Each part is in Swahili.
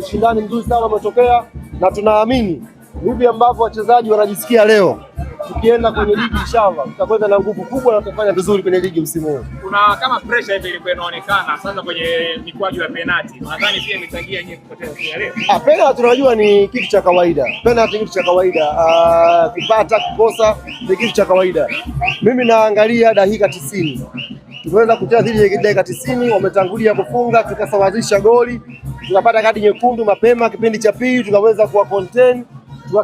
Ushindani mzuri sana umetokea na tunaamini hivi ambavyo wachezaji wanajisikia leo, tukienda kwenye ligi inshallah tutakwenda na nguvu kubwa na tutafanya vizuri kwenye ligi msimu huu. Kuna kama pressure hivi ilikuwa inaonekana sasa kwenye mikwaju ya penalti, nadhani pia imechangia nyinyi kupoteza pia leo. Ah, penalti tunajua ni kitu cha kawaida, penalti ni kitu cha kawaida. Ah, kupata kukosa ni kitu cha kawaida. Mimi naangalia dakika tisini tumeweza kucheza dhidi ya dakika tisini, wametangulia kufunga, tukasawazisha goli, tukapata kadi nyekundu mapema kipindi cha pili, tukaweza kuwa contain,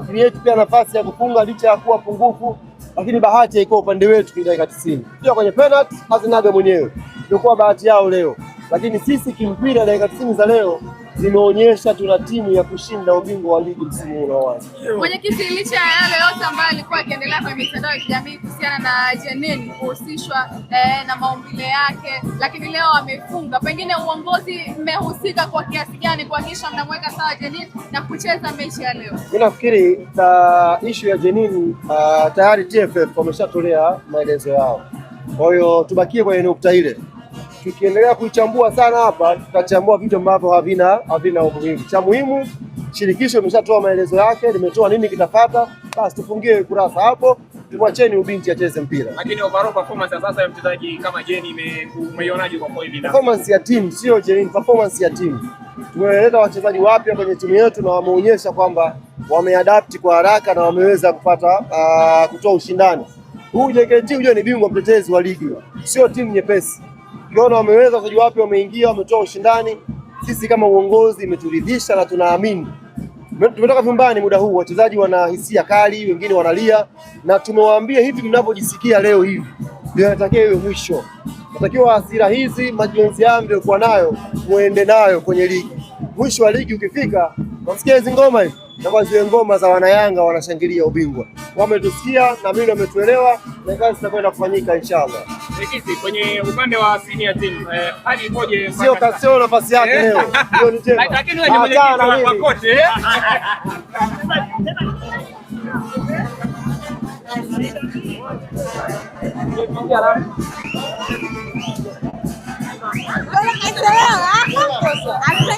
create pia nafasi ya kufunga licha ya kuwa pungufu, lakini bahati haikuwa upande wetu. Dakika tisini pia kwenye penalty, hazinaga mwenyewe ilikuwa bahati yao leo lakini sisi kimpira, dakika tisini za leo zimeonyesha tuna timu ya kushinda ubingwa wa ligi msimu unaoanza. Mwenyekiti, licha ya yale yote ambayo alikuwa akiendelea kwenye mitandao ya kijamii kuhusiana na Jeanine kuhusishwa eh, na maumbile yake, lakini leo amefunga, pengine uongozi mmehusika kwa kiasi gani kuhakikisha mnamweka sawa Jeanine na kucheza mechi ya leo? Mimi nafikiri ta uh, ishu ya jenin uh, tayari TFF wameshatolea maelezo yao, kwa hiyo tubakie kwenye nukta ile tukiendelea kuichambua sana hapa, tutachambua vitu ambavyo havina havina umuhimu. Cha muhimu, shirikisho limeshatoa maelezo yake, limetoa nini kitafata, basi tufungie kurasa hapo, tumwacheni ubinti acheze mpira. Lakini overall performance ya sasa ya mchezaji kama Jeni umeionaje? Kwa kweli performance ya timu sio Jeni, performance ya timu tumeleta wachezaji wapya kwenye timu yetu na wameonyesha kwamba wameadapti kwa haraka na wameweza kupata uh, kutoa ushindani. Huu JKT hujua ni bingwa mtetezi wa ligi, sio timu nyepesi. Tumeona wameweza wachezaji wapya wameingia, wametoa ushindani. Sisi kama uongozi imeturidhisha na tunaamini. Tumetoka vyumbani muda huu, wachezaji wana hisia kali, wengine wanalia, na tumewaambia hivi, mnavyojisikia leo hivi ndio inatakiwa iwe mwisho. Natakiwa hasira hizi, majonzi haya mliokuwa nayo muende nayo kwenye ligi. Mwisho wa ligi ukifika, wasikia hizi ngoma hizi na kwa zile ngoma za wanayanga wanashangilia ubingwa. Wametusikia na mimi wametuelewa, na kazi zitakwenda kufanyika inshallah. Ikizi kwenye upande wa senior team eh, hali moja sio kasio nafasi yake eh? leo. Hiyo ni jema. Lakini wewe ni ah, mwenyekiti wa kote eh.